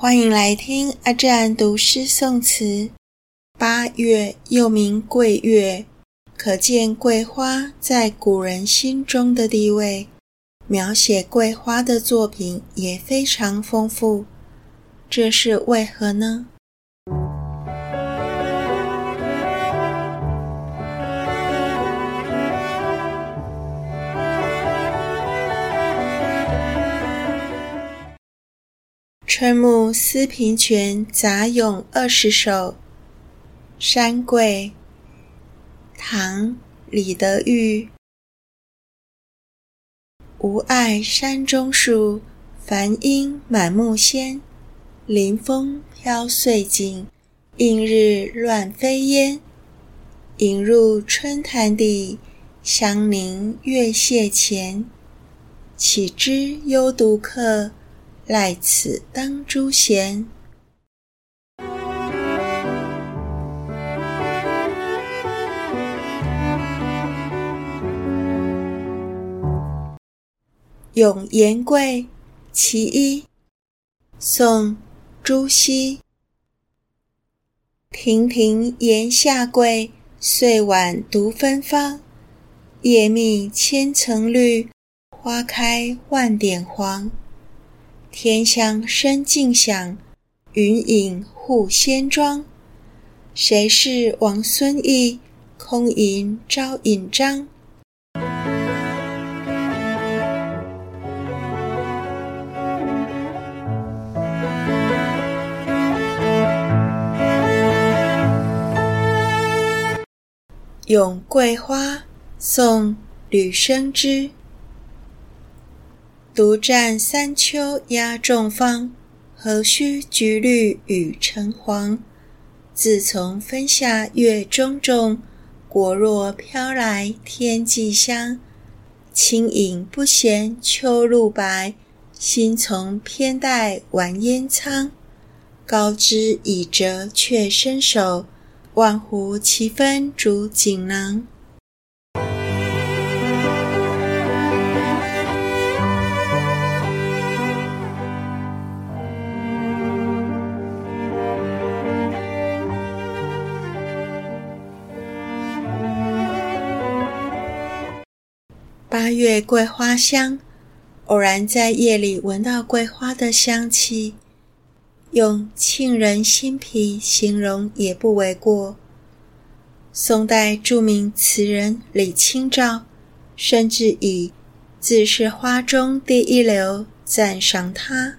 歡迎來聽阿占讀詩誦詞。八月又名桂月，可見桂花在古人心中的地位，描寫桂花的作品也非常豐富，這是為何呢？《春暮思平泉雜詠二十首·山桂》唐·李德裕。吾愛山中樹，繁英滿目鮮。臨風飄碎錦，映日亂非煙。影入春潭底，香凝月榭前。豈知幽獨客？賴此當朱弦。《詠岩桂·其一》宋·朱熹。亭亭岩下桂，歲晚獨芬芳。葉密千層綠，花開萬點黃。天香生淨想，雲影護仙妝。誰識王孫意？空吟招隱章。詠桂花，宋·呂聲之。獨佔三秋壓眾芳，何須橘綠與橙黃？自從分下月中種，果若飄來天際香。清影不嫌秋露白，新叢偏帶晚煙蒼。高枝已折卻伸手，萬斛奇芬貯錦囊。八月桂花香，偶然在夜裡聞到桂花的香氣，用沁人心脾形容也不為過。宋代著名詞人李清照甚至以“自是花中第一流”讚賞他，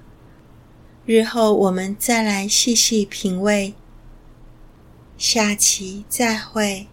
日後我們再來細細品味。下期再會。